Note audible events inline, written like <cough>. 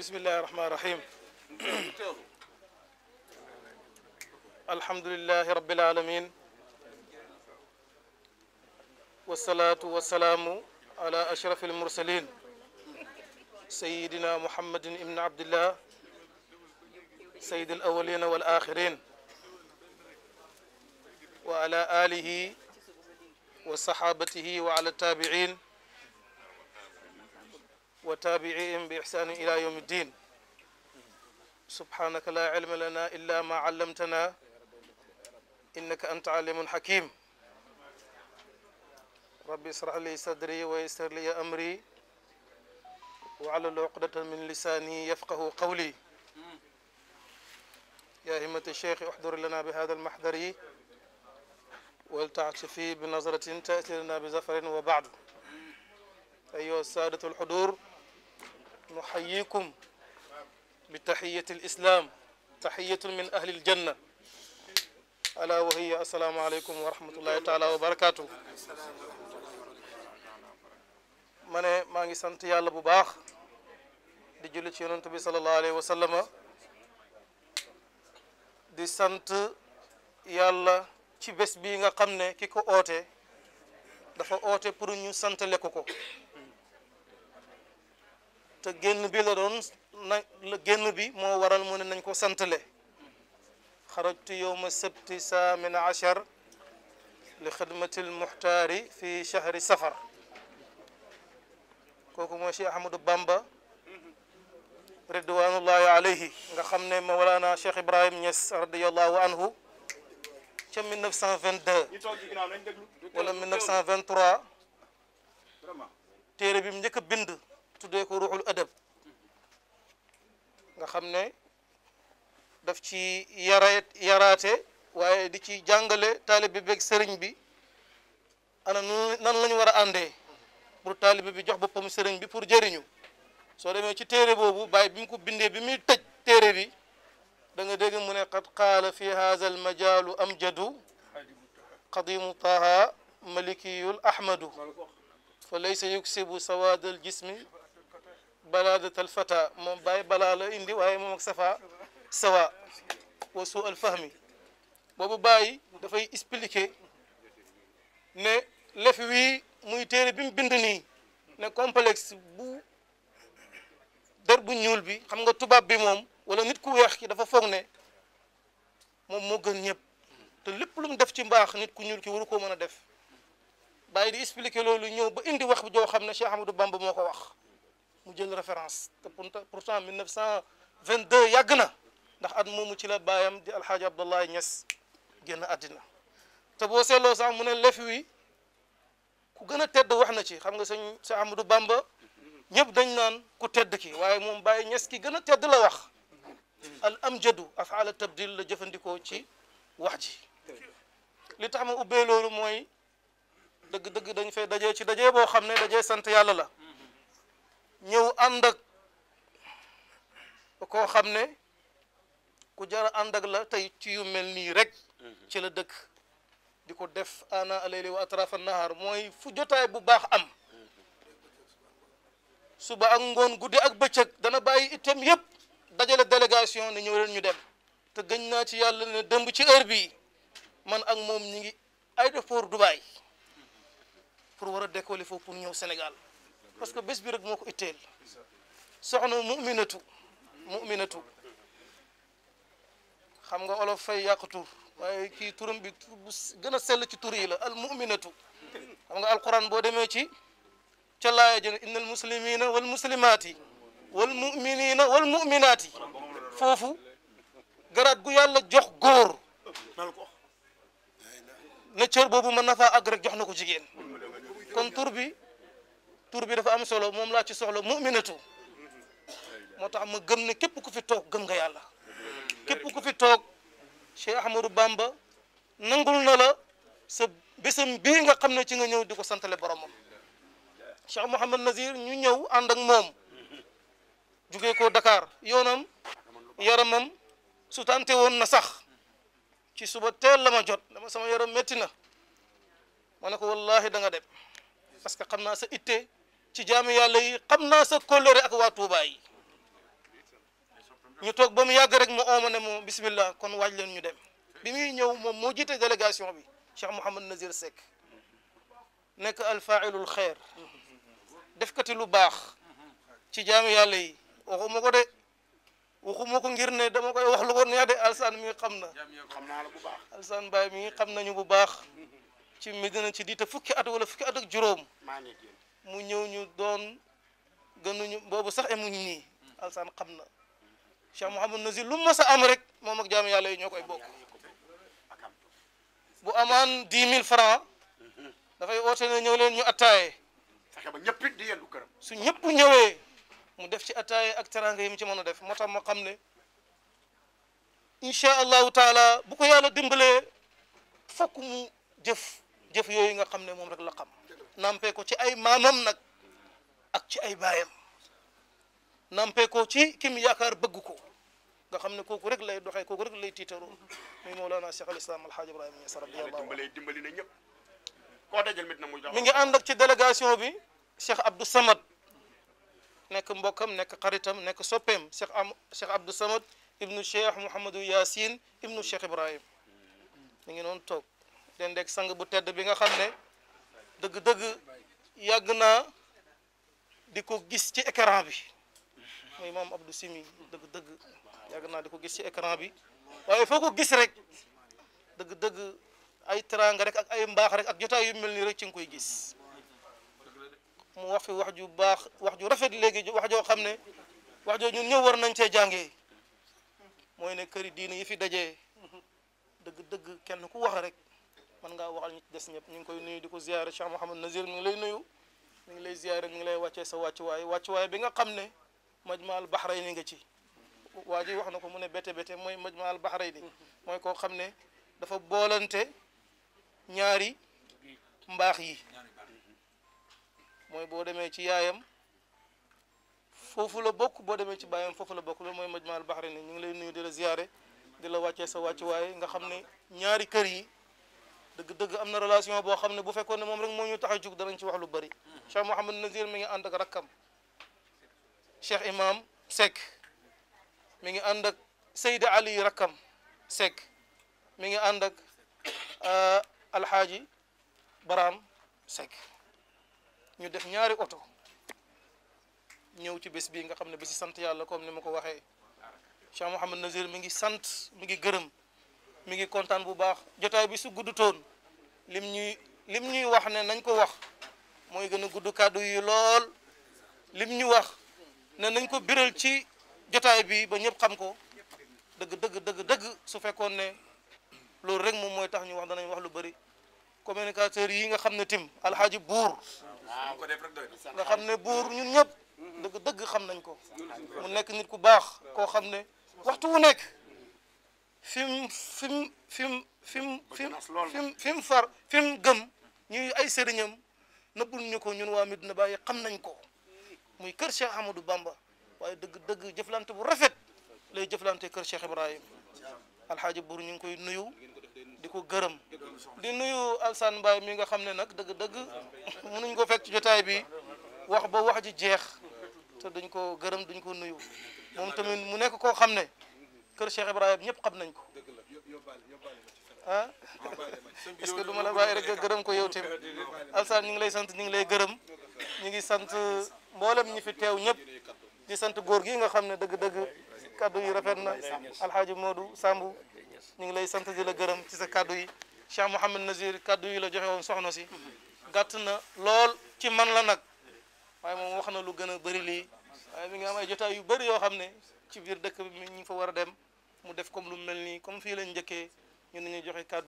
bismillahi rahmani rahim <clears throat> alhamdulilahi rabbil alamin wasalaatu wasalaamu ala ashrafil mursalin sayidina muhammadin ibn abdillah sayid al awalina wal axirin wa ala alihi wa sahabatihi wa ala tabiin wa taabi'iihim bi ihsaanin ilaa yawmi ddiin subhaanaka laa ilma lanaa illaa maa 'allamtanaa innaka anta 'aliimun hakiim rabbi ishrah li sadri wa yassir li amri wahlul 'uqdatan min lisaani yafqahu qawli yaa himmata sheikh uxdur lanaa bi haadal mahdari waltaxsu fii bi nazratin ta'ti lanaa bi zafarin wa ba'd ayyuha saadatul xuduur nuxayikum bi taxiyati lislaam taxiyatun min ahli aljanna ala wa hiya assalaamu aleykum wa rahmatullahi taala wa barakatuh ma ne maa ngi sant yàlla bu baax di julli ci yonent bi sallallahu alayhi wa sallama di sant yàlla ci bés bi nga xam ne ki ko oote dafa oote pour ñu santale ko ko te génn bi la doon na génn bi moo waral mu nañ ko santale xarajtu yowma sabti saamina achar li xidmati lmuxtaari fi chahri safar kooku mooy Cheikh Ahmadou Bamba ridwanullahi alayhi nga xam ne mawlaana Cheikh Ibrahim Niass radiallahu anhu ca 1922 wala 1923 téere bi mu njëkk bind tuddee ko ruuxul adab nga xam ne daf ci yara yaraate waaye di ci jàngale taalibe beeg sëriñ bi ana nu nan ñu war a àndee pour taalibe bi jox boppam sëriñ bi pour jëriñu soo demee ci téere boobu bàyyi bi mu ko bindee bi mu tëj bi danga nga mu ne qad qaala fi haza al majaalu amjadu qadimu taha malikiyul ahmadu fa laysa yuksibu sawaad al jismi balaa balaadatal fata moom bàyyi balaa la indi waaye moom ak safa sawa wa suu al fahmi boobu bàyyi dafay expliquer ne lef wii muy téere bi mu bind nii ne complexe bu der bu ñuul bi xam nga tubaab bi moom wala nit ku weex ki dafa foog ne moom moo gën ñëpp te lépp lu mu def ci mbaax nit ku ñuul ki waru koo mën a def bàyyi di expliquer loolu ñëw ba indi wax bi joo xam ne Cheikh Ahmadou Bamba moo ko wax mu jël référence te vingt 1922 yàgg na ndax at moomu ci la baayam di alxaaji Abdoulaye Niass génn àddina te boo seetloo sax mu ne lef ku gën a tedd wax na ci xam nga sëñ sa Amadou Bamba ñëpp dañ naan ku tedd ki waaye moom Baye Niass ki gën a tedd la wax al amjadu afaala tabdil la jëfandikoo ci wax ji li tax ma ubbee loolu mooy dëgg-dëgg dañ fay dajee ci daje boo xam ne daje sant yàlla la ñëw ànd ak xam ne ku jara ànd ak la tey ci yu mel nii rek mhm. ci la dëkk di ko def ana alayli wa atrafa nahar mooy fu jotaay bu baax am suba ak ngoon guddi ak bëccëg dana bàyyi itam yëpp dajale délégation ne ñëw leen ñu dem te gëñ naa ci yàlla ne dëmb ci heure bi man ak moom ñi ngi aéroport Dubaï pour war a décoller foofu ñëw senegal parce que bés bi rek moo ko itteel soxna muminatu muminatu xam nga olof fay yàq tur waaye kii turam bi gën a sell ci tur yi la al muminatu xam nga alquran boo demee ci ca laaya jëne inna al muslimina wal muslimaati wal muminina wal muminaati foofu garaat gu yàlla jox góor ne boobu mën na faa jox na ko jigéen kon tur bi tur bi dafa am solo moom laa ci soxla muminatu moo tax ma gëm ne képp ku fi toog gëm nga yàlla képp ku fi toog Cheikh Ahmadou Bamba nangul na la sa bésam bii nga xam ne ci nga ñëw di ko santale boromam Cheikh Mouhamad Nazir ñu ñëw ànd ak moom jugee ko Dakar yoonam yaramam su tante woon na sax ci suba teel la ma jot dama sama yaram metti na ma ne ko wallaahi da dem parce xam naa sa itte ci jaamu yàlla yi xam naa sa ko ak waa Touba yi ñu toog ba mu yàgg rek mu ooma ne moom bismillah kon waaj leen ñu dem bi muy ñëw moom moo jiite délégation bi Cheikh Mouhamad Nazir Seck nekk alfaailul xeer defkati lu baax ci jaamu yàlla yi waxuma ko de waxuma ko ngir ne dama koy wax lu ko neex de alsaan mi xam na alsaan baay mi xam nañu bu baax ci Medina ci diita fukki at wala fukki at ak juróom mu ñëw ñu doon gënuñu boobu sax mu emuñu nii alsaan xam na Cheikh Mouhamadou Nazir lu mas a am rek moom ak jaamu yàlla ñoo koy bokk bu amaan dix mille francs dafay oote ne ñëw leen ñu attaaye fexe ba ñëpp di yendu këram su ñëpp ñëwee mu def ci attaaye ak teranga yi mu ci mën a def moo tax ma xam ne incha allahu taala bu ko yàlla dimbalee fokk mu jëf jëf yooyu nga xam ne moom rek la xam nampee ko ci ay maamam nag ak ci ay baayam nampee ko ci kim yaakaar bëgg ko nga xam ne kooku rek lay doxee kooku rek lay tiitaroo muy Mawlana Cheikh al Islam Alhaaj Ibrahima Niass radiyallahu anhu dimbali na ñëpp koo dajal mit na muy mi ngi ànd ak ci délégation bi Cheikh Abdou Samad nekk mbokkam nekk xaritam nekk soppeem Cheikh am Cheikh Abdou Samad ibnu Cheikh Mouhamadou Yassine ibnu Cheikh Ibrahim mi ngi noonu toog den deg sang bu tedd bi nga xam ne dëgg-dëgg yàgg naa di ko gis ci écran bi mooy maam Abdou Simi dëgg-dëgg yàgg naa di ko gis ci écran bi waaye foo ko gis rek dëgg-dëgg ay teraanga rek ak ay mbaax rek ak jotaay yu mel nii rek ci nga koy gis mu wax fi wax ju baax wax ju rafet léegi wax joo xam ne wax joo ñun ñëw war nañ cee jàngee mooy ne këri diine yi fi dajee dëgg-dëgg kenn ku wax rek mën ngaa waxal des ñëpp ñu ngi koy nuyu di ko ziyaare Cheikh Mouhamed Nazir mi ngi lay nuyu mi ngi lay ziyaare mi ngi lay wàccee sa nga xam ne majmaal baxray ni nga ci waa ji wax na ko mu ne bete bete mooy majmaal baxray ni mooy koo xam ne dafa boolante ñaari mbaax yi mooy boo demee ci yaayam foofu la bokk boo demee ci baayam foofu la bokk loolu mooy majmaal baxray ni ñu ngi lay nuyu di la ziyaare di la wàccee sa wàccuwaay nga xam ne ñaari kër yi dëgg-dëgg am na relation boo xam ne bu fekkoon ne moom rek moo ñu tax a jug danañ ci wax lu bëri Cheikh Mouhamad Nazir mi ngi ànd ak rakkam Cheikh Imam Seck mi ngi ànd ak Seydi Ali rakkam Seck mi ngi ànd ak euh, Alxaaji Baraam Seck ñu def ñaari oto ñëw ci bés bii nga xam ne bési sant yàlla comme ni ma ko waxee Cheikh Mouhamad Nazir mi ngi sant mi ngi gërëm mi ngi kontaan bu baax jotaay bi su gudd toon lim ñuy lim ñuy wax ne nañ ko wax mooy gën a gudd kàddu yi lool lim ñu wax ne nañ ko biral ci jotaay bi ba ñëpp xam ko dëgg dëgg dëgg su fekkoon ne loolu rek moom mooy tax ñu wax danañ wax lu bari communicateur yi nga xam ne tim alxaaji buur nga xam ne buur ñu ñëpp dëgg dëgg xam nañ ko mu nekk nit ku baax koo xam ne waxtu wu nekk fi mu fi mu fi mu far fi gëm ñuy ay sëriñam nëbbul ñu ko ñun waa Medina Baye xam nañ ko muy kër Cheikh Amadou Bamba waaye dëgg dëgg jëflante bu rafet lay jëflante kër Cheikh Ibrahim alxaaji Buur ñu ngi koy nuyu di ko gërëm di nuyu Alsaan Mbaye mi nga xam ne nag dëgg dëgg <laughs> mënuñ ko fekk ci jotaay bi wax ba wax ji jeex te duñ ko gërëm duñ ko nuyu moom tamit mu nekk koo xam ne kër Cheikh Ibrahima ñëpp xam nañ ko ah, ah que du ma la bàyyi rek nga gërëm ko yow tamit alsaan ñu ngi lay sant ñu ngi lay gërëm ñu ngi sant mboolem ñi fi teew ñëpp di sant góor gi nga xam ne dëgg-dëgg kaddu yi rafet na alxaaji Modou Sambu ñu ngi lay sant di la gërëm ci sa kaddu yi Cheikh Mouhamed Nazir kaddu yi la joxe woon soxna si gàtt na lool ci man la nag waaye moom wax na lu gën a bëri lii waaye mi ngi am ay jotaay yu bëri yoo xam ne ci biir dëkk bi ñu fa war a dem mu def comme lu mel nii comme fii lañ njëkkee ñu ne ñu joxe kàddu